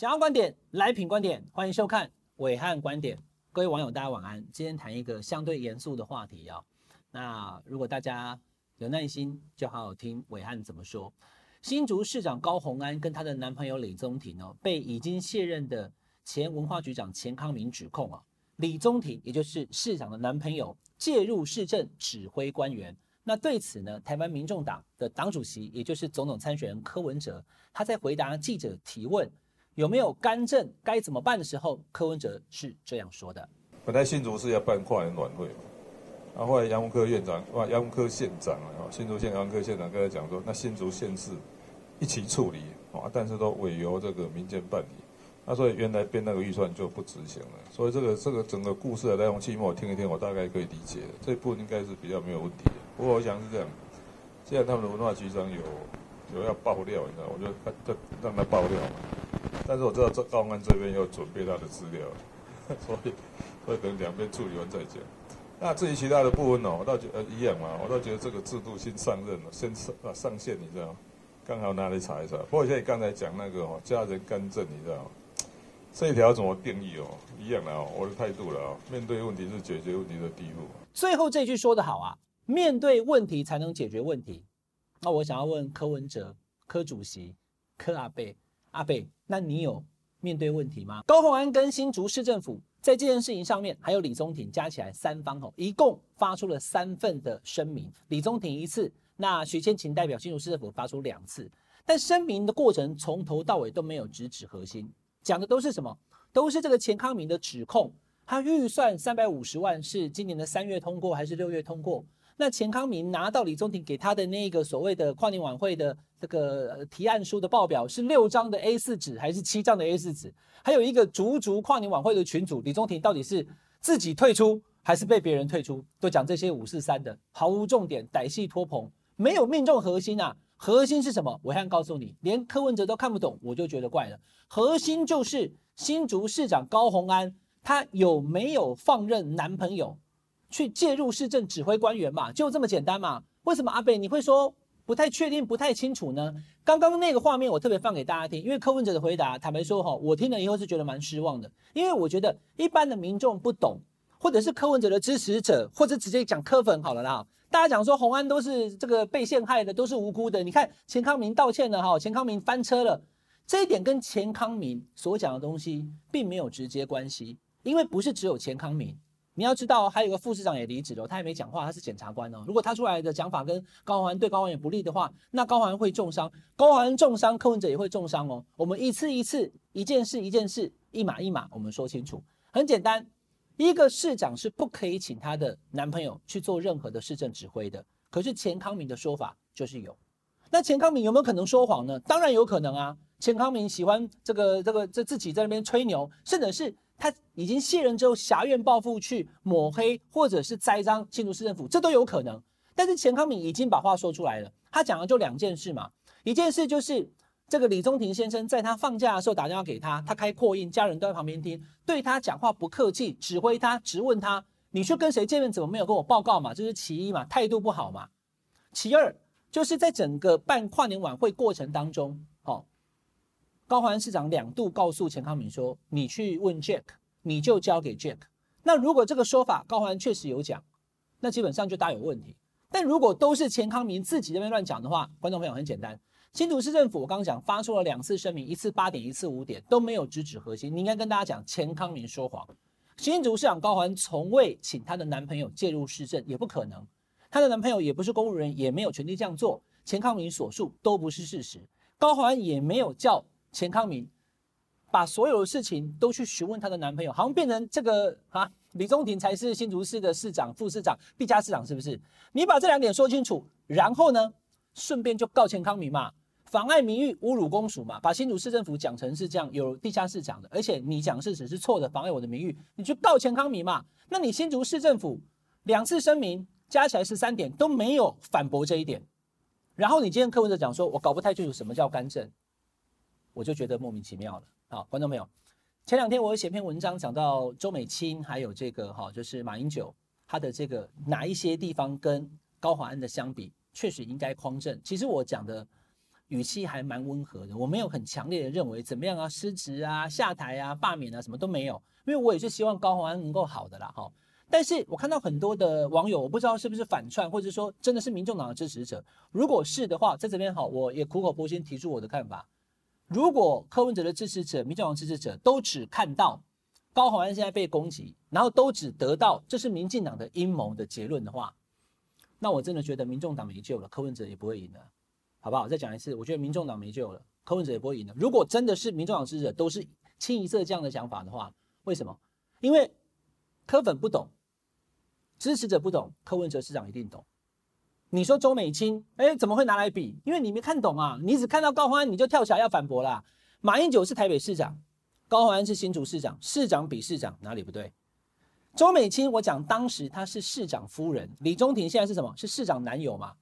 想要觀點來品觀點，歡迎收看暐瀚觀點。各位網友，大家晚安。今天談一個相對嚴肅的話題啊、哦。那如果大家有耐心，就好好聽暐瀚怎麼說。新竹市長高虹安跟她的男朋友李忠庭哦，被已經卸任的前文化局長錢康明指控啊、哦，李忠庭也就是市長的男朋友介入市政指揮官員。那對此呢，台灣民眾黨的黨主席，也就是總統參選人柯文哲，他在回答的記者提問，有沒有干政？該怎麼辦的時候，柯文哲是這樣說的：“本來新竹是要辦跨年晚會嘛，後、啊、後來楊文科院長哇，楊、啊、文科縣長啊，新竹縣楊文科縣長跟他講說，那新竹縣市一起處理啊，但是都委由這個民間辦理，那、啊、所以原來編那個預算就不執行了。所以這個這個整個故事的內容，起碼，我聽一聽，我大概可以理解。這一部分應該是比較沒有問題的。不過我想是這樣，既然他們的文化局長有有要爆料，你知道，我覺得他就讓他爆料但是我知道這高安這邊要準備他的資料，所以會等兩邊處理完再講。那至於其他的部分哦，我倒覺得一樣嘛。我倒覺得這個制度先上任了，先上上線，你知道嗎？剛好拿來查一查。不過像你剛才講那個哦，家人干政，你知道嗎？這一條怎麼定義哦？一樣的哦，我的態度了哦。面對問題是解決問題的第一步。最後這句說得好啊，面對問題才能解決問題。那我想要問柯文哲、柯主席、柯阿伯。阿北，那你有面對問題嗎？高虹安跟新竹市政府在這件事情上面，還有李忠庭加起來三方吼，一共發出了三份的聲明。李忠庭一次，那徐千晴代表新竹市政府發出兩次。但聲明的過程從頭到尾都沒有直指核心，講的都是什麼？都是這個錢康明的指控。他預算三百五十萬是今年的三月通過還是六月通過？那錢康明拿到李忠庭給他的那個所謂的跨年晚會的。這個提案書的報表是六張的 A4 紙還是七張的 A4 紙？還有一個竹竹跨年晚會的群組，李忠庭到底是自己退出還是被別人退出？都講這些五四三的，毫無重點，歹戲拖棚，沒有命中核心啊！核心是什麼？我先告訴你，連柯文哲都看不懂，我就覺得怪了。核心就是新竹市長高虹安，他有沒有放任男朋友去介入市政指揮官員嘛？就這麼簡單嘛？為什麼阿北你會說？不太確定，不太清楚呢。剛剛那個畫面我特別放給大家聽，因為柯文哲的回答，坦白說哈，我聽了以後是覺得蠻失望的。因為我覺得一般的民眾不懂，或者是柯文哲的支持者，或者直接講柯粉好了啦。大家講說虹安都是這個被陷害的，都是無辜的。你看錢康明道歉了哈，錢康明翻車了，這一點跟錢康明所講的東西並沒有直接關係，因為不是只有錢康明。你要知道，還有一個副市長也離職了，他也沒講話，他是檢察官哦。如果他出來的講法跟高虹安對高虹安也不利的話，那高虹安會重傷，高虹安重傷，柯文哲也會重傷哦。我們一次一次，一件事一件事，一碼一碼，我們說清楚。很簡單，一個市長是不可以請他的男朋友去做任何的市政指揮的。可是錢康明的說法就是有，那錢康明有沒有可能說謊呢？當然有可能啊。錢康明喜歡這個這個這自己在那邊吹牛，甚至是。他已經卸任之後，挾怨報復去抹黑或者是栽贓新竹市政府，這都有可能。但是錢康明已經把話說出來了，他講了就兩件事嘛，一件事就是這個李忠庭先生在他放假的時候打電話給他，他開擴音，家人都在旁邊聽，對他講話不客氣，指揮他，質問他，你去跟誰見面，怎麼沒有跟我報告嘛，這是其一嘛，態度不好嘛。其二就是在整個辦跨年晚會過程當中。高環市長兩度告訴錢康明，說：“你去問 Jack，你就交給 Jack。”那如果這個說法高環確實有講，那基本上就大有問題。但如果都是錢康明自己這邊亂講的話，觀眾朋友很簡單，新竹市政府我剛剛講發出了兩次聲明，一次八點一次五點都沒有直指核心。你應該跟大家講，錢康明說謊。新竹市長高環從未請她的男朋友介入市政，也不可能，她的男朋友也不是公務人員，也沒有權利這樣做。錢康明所述都不是事實，高環也沒有叫。錢康明把所有的事情都去詢問他的男朋友，好像變成這個啊，李忠庭才是新竹市的市長、副市長、地下市長，是不是？你把這兩點說清楚，然後呢，順便就告錢康明嘛，妨礙名譽、侮辱公署嘛，把新竹市政府講成是這樣有地下市長的，而且你講事實是錯的，妨礙我的名譽，你就告錢康明嘛。那你新竹市政府兩次聲明加起來是三點都沒有反駁這一點，然後你今天柯文哲講說，我搞不太清楚什麼叫干政。我就覺得莫名其妙了。好，觀眾朋友，前兩天我有寫篇文章講到周美青，還有這個哈，就是馬英九，他的這個哪一些地方跟高虹安的相比，確實應該匡正。其實我講的語氣還蠻溫和的，我沒有很強烈的認為怎麼樣啊，失職啊，下台啊，罷免啊，什麼都沒有。因為我也是希望高虹安能夠好的啦，哈。但是我看到很多的網友，我不知道是不是反串，或者說真的是民眾黨的支持者。如果是的話，在這邊好，我也苦口婆心提出我的看法。如果柯文哲的支持者、民眾黨支持者都只看到高虹安現在被攻擊，然後都只得到這是民進黨的陰謀的結論的話，那我真的覺得民眾黨沒救了，柯文哲也不會贏了，好不好？再講一次，我覺得民眾黨沒救了，柯文哲也不會贏了。如果真的是民眾黨支持者都是清一色這樣的想法的話，為什麼？因為柯粉不懂，支持者不懂，柯文哲市長一定懂。你說周美青，哎，怎麼會拿來比？因為你沒看懂啊！你只看到高虹安，你就跳起來要反駁了，啊。馬英九是台北市長，高虹安是新竹市長，市長比市長哪裡不對？周美青，我講當時她是市長夫人，李忠庭現在是什麼？是市長男友嘛？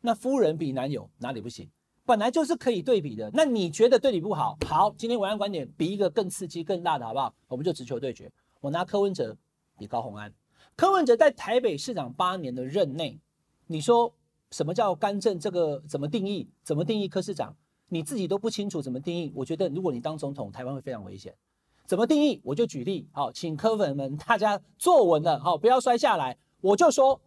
那夫人比男友哪裡不行？本來就是可以對比的。那你覺得對你不好？好，今天暐瀚觀點比一個更刺激、更大的好不好？我們就直球對決。我拿柯文哲比高虹安。柯文哲在台北市長八年的任內，你說什麼叫干政？這個怎麼定義？怎麼定義？柯市長你自己都不清楚怎麼定義？我覺得如果你當總統，台灣會非常危險。怎麼定義？我就舉例，好，請柯粉們大家坐穩了，好，不要摔下來。我就說，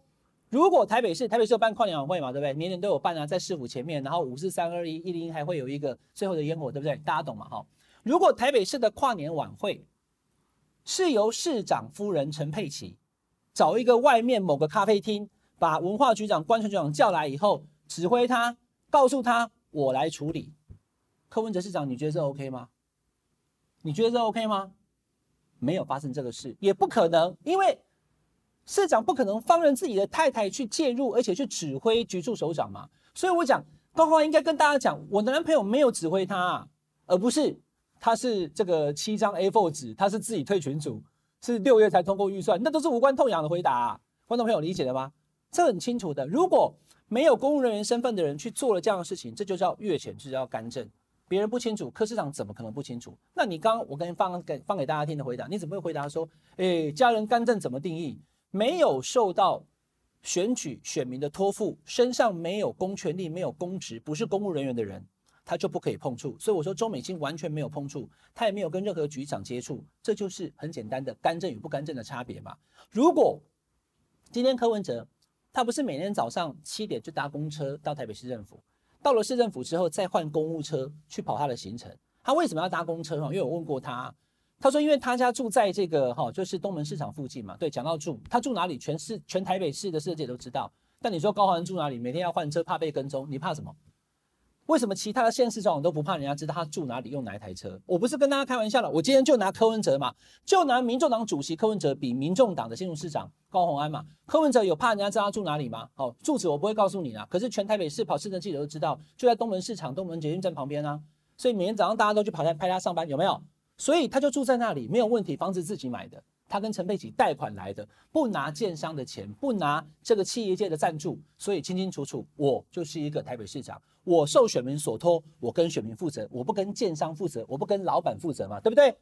如果台北市台北市有辦跨年晚會嘛，對不對？年年都有辦啊，在市府前面，然後五四三二一，一零還會有一個最後的煙火，對不對？大家懂嗎？哈，如果台北市的跨年晚會是由市長夫人陳佩琪找一個外面某個咖啡廳，把文化局長、觀傳局長叫來以後，指揮他，告訴他，我來處理。柯文哲市長，你覺得這 OK 嗎？你覺得這 OK 嗎？沒有發生這個事，也不可能，因為市長不可能放任自己的太太去介入，而且去指揮局處首長嘛。所以我講，高虹安應該跟大家講，我的男朋友沒有指揮他啊，而不是他是這個七張 A4 紙，他是自己退群組，是六月才通過預算，那都是無關痛癢的回答啊。觀眾朋友理解了嗎？這很清楚的，如果沒有公務人員身份的人去做了這樣的事情，這就叫越權，就叫干政。別人不清楚，柯市長怎麼可能不清楚？那你剛剛我跟你放給放給大家聽的回答，你怎麼會回答說，誒、哎，家人干政怎麼定義？沒有受到選舉選民的托付，身上沒有公權力、沒有公職、不是公務人員的人，他就不可以碰觸。所以我說，周美青完全沒有碰觸，他也沒有跟任何局長接觸，這就是很簡單的干政與不干政的差別嘛。如果今天柯文哲，他不是每天早上七點就搭公車到台北市政府，到了市政府之後再換公務車去跑他的行程。他為什麼要搭公車？因為我問過他，他說因為他家住在這個哈、哦，就是東門市場附近嘛。對，講到住，他住哪裡，全市全台北市的世界都知道。但你說高虹安住哪裡，每天要換車怕被跟蹤，你怕什麼？為什麼其他的縣市市長都不怕人家知道他住哪裡用哪一台車？我不是跟大家開玩笑了，我今天就拿柯文哲嘛，就拿民眾黨主席柯文哲比民眾黨的新竹市長高虹安嘛。柯文哲有怕人家知道他住哪裡嗎？好、哦，住址我不會告訴你啦，可是全台北市跑市政記者都知道，就在東門市場東門捷運站旁邊啊，所以每天早上大家都去跑來拍他上班有沒有？所以他就住在那裡沒有問題，房子自己買的。他跟陳佩琪貸款來的，不拿建商的錢，不拿這個企業界的贊助，所以清清楚楚，我就是一個台北市長，我受選民所托，我跟選民負責，我不跟建商負責，我不跟老闆負責嘛，對不對？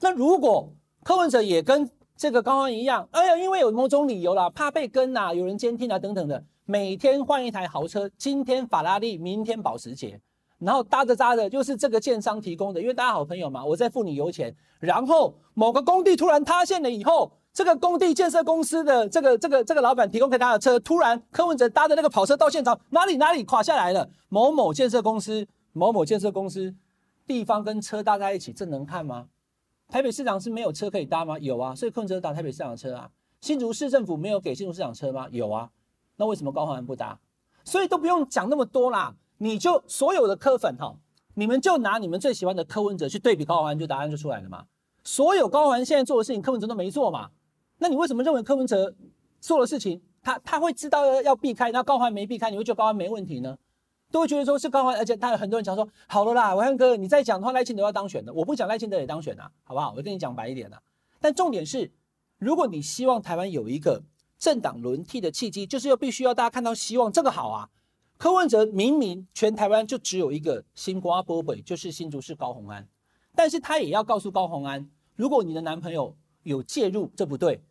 那如果柯文哲也跟這個高虹安一樣，哎呀，因為有某種理由啦，怕被跟啊，有人監聽啊等等的，每天換一台豪車，今天法拉利，明天保時捷。然後搭着搭着，就是這個建商提供的，因為大家好朋友嘛，我在付你油錢。然後某個工地突然塌陷了以後，這個工地建設公司的這個這個這個老板提供給他的車，突然柯文哲搭着那個跑車到現場，哪裡哪裡垮下來了？某某建設公司，某某建設公司，地方跟車搭在一起，這能看嗎？台北市長是沒有車可以搭嗎？有啊，所以柯文哲搭台北市長的車啊。新竹市政府沒有給新竹市長車嗎？有啊，那為什麼高虹安不搭？所以都不用講那麼多啦。你就所有的柯粉哈，你們就拿你們最喜歡的柯文哲去對比高虹安，就答案就出來了嘛。所有高虹安現在做的事情，柯文哲都沒做嘛。那你為什麼認為柯文哲做的事情，他他會知道要避開，那高虹安沒避開，你會覺得高虹安沒問題呢？都會覺得說是高虹安，而且他有很多人講說，好了啦，暐瀚哥，你再講的話，賴清德要當選的，我不講賴清德也當選啊，好不好？我跟你講白一點吶、啊。但重點是，如果你希望台灣有一個政黨輪替的契機，就是要必須要大家看到希望，這個好啊。柯文哲明明全台灣就只有一個心肝寶貝，就是新竹市高虹安，但是他也要告訴高虹安，如果你的男朋友有介入，這不對，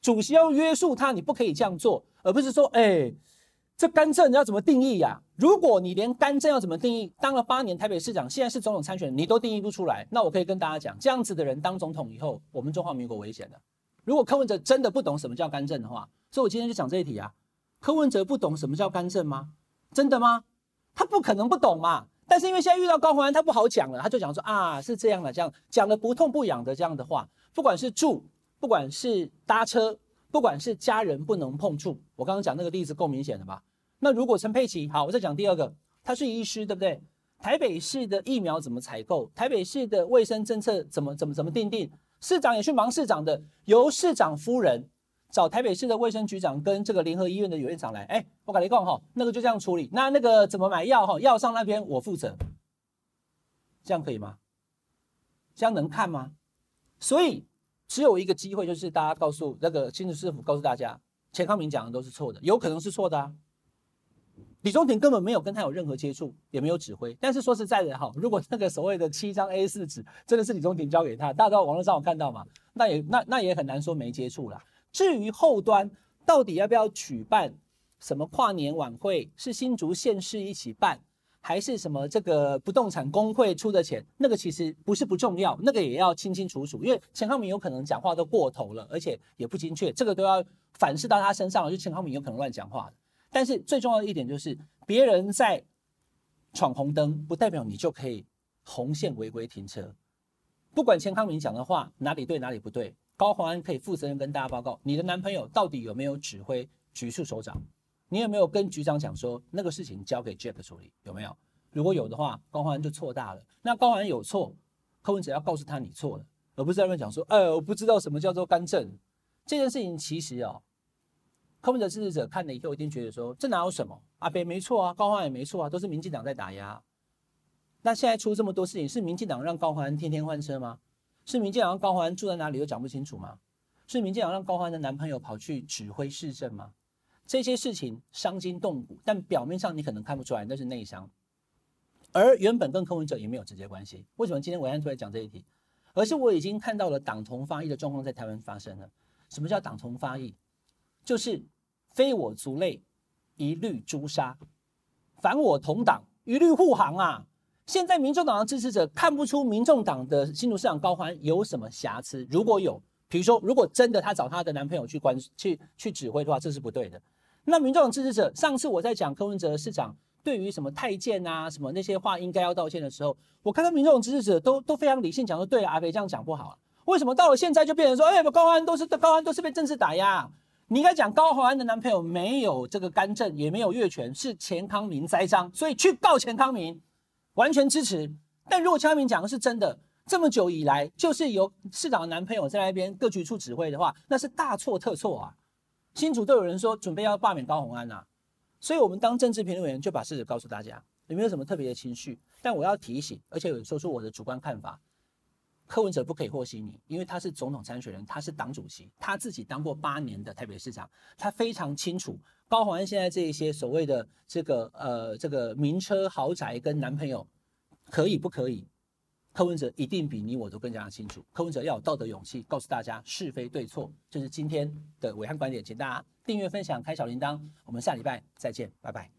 主席要約束他，你不可以這樣做，而不是說，哎、欸，這干政要怎麼定義呀、啊？如果你連干政要怎麼定義，當了八年台北市長，現在是總統參選，你都定義不出來，那我可以跟大家講，這樣子的人當總統以後，我們中華民國危險的。如果柯文哲真的不懂什麼叫干政的話，所以我今天就講這一題啊，柯文哲不懂什麼叫干政嗎？真的嗎？他不可能不懂嘛。但是因為現在遇到高虹安，他不好講了，他就講說啊，是這樣的，這樣講了不痛不癢的這樣的話，不管是住，不管是搭車，不管是家人不能碰觸，我剛剛講那個例子夠明顯了吧？那如果陳佩琪，好，我再講第二個，他是醫師，對不對？台北市的疫苗怎麼採購？台北市的衛生政策怎麼怎麼怎麼定定？市長也去忙市長的，由市長夫人。找台北市的衛生局長跟這個聯合醫院的有院長來，哎、欸，我跟你講哈，那個就這樣處理。那那個怎麼買藥哈？藥上那邊我負責，這樣可以嗎？這樣能看嗎？所以只有一個機會，就是大家告訴那個新竹市府，告訴大家，錢康明講的都是錯的，有可能是錯的啊。李忠庭根本沒有跟他有任何接觸，也沒有指揮。但是說實在的哈，如果那個所謂的七張 A 四紙真的是李忠庭交給他，大家在網絡上有看到嘛，那也那那也很難說沒接觸了。至於後端到底要不要舉辦什麼跨年晚會，是新竹縣市一起辦，還是什麼這個不動產工會出的錢？那個其實不是不重要，那個也要清清楚楚，因為錢康明有可能講話都過頭了，而且也不精確，這個都要反噬到他身上。就錢康明有可能亂講話。但是最重要的一點就是，別人在闖紅燈，不代表你就可以紅線違規停車。不管錢康明講的話哪裡對哪裡不對。高虹安可以負責任跟大家報告，你的男朋友到底有沒有指揮局處首長？你有沒有跟局長講說那個事情交給 Jack 處理？有沒有？如果有的話，高虹安就錯大了。那高虹安有錯，柯文哲要告訴他你錯了，而不是在亂講說，哎、呃，我不知道什麼叫做干政。這件事情其實哦，柯文哲支持者看了以後一定覺得說，這哪有什麼？阿北沒錯啊，高虹安也沒錯啊，都是民進黨在打壓。那現在出這麼多事情，是民進黨讓高虹安天天換車嗎？是民進黨讓高虹安住在哪裡又講不清楚嗎？是民進黨讓高虹安的男朋友跑去指揮市政嗎？這些事情傷筋動骨，但表面上你可能看不出來，那是內傷。而原本跟柯文哲也沒有直接關係，為什麼今天我拿出來講這一題？而是我已經看到了黨同伐異的狀況在台灣發生了。什麼叫黨同伐異？就是非我族類，一律誅殺；反我同黨，一律護航啊！現在民眾黨的支持者看不出民眾黨的新竹市長高虹安有什麼瑕疵。如果有，比如說，如果真的他找他的男朋友去管去、去指揮的話，這是不對的。那民眾黨支持者，上次我在講柯文哲市長對於什麼太監啊、什麼那些話應該要道歉的時候，我看到民眾黨支持者都都非常理性，講說對啊，阿北這樣講不好啊。為什麼到了現在就變成說，哎，高虹安都是高虹安都是被政治打壓？你應該講高虹安的男朋友沒有這個干政，也沒有越權，是錢康明栽贓，所以去告錢康明。完全支持，但如果錢康明講的是真的，這麼久以來就是由市長的男朋友在那邊各局處指揮的話，那是大錯特錯啊！新竹都有人說準備要罷免高虹安吶、啊，所以我們當政治評論員就把事實告訴大家，有沒有什麼特別的情緒，但我要提醒，而且有說出我的主觀看法，柯文哲不可以和稀泥，因為他是總統參選人，他是黨主席，他自己當過八年的台北市長，他非常清楚。高虹安現在這一些所謂的這個呃這個名車豪宅跟男朋友，可以不可以？柯文哲一定比你我都更加清楚。柯文哲要有道德勇氣，告訴大家是非對錯。這、就是今天的暐瀚觀點，請大家訂閱、分享、開小鈴鐺。我們下禮拜再見，拜拜。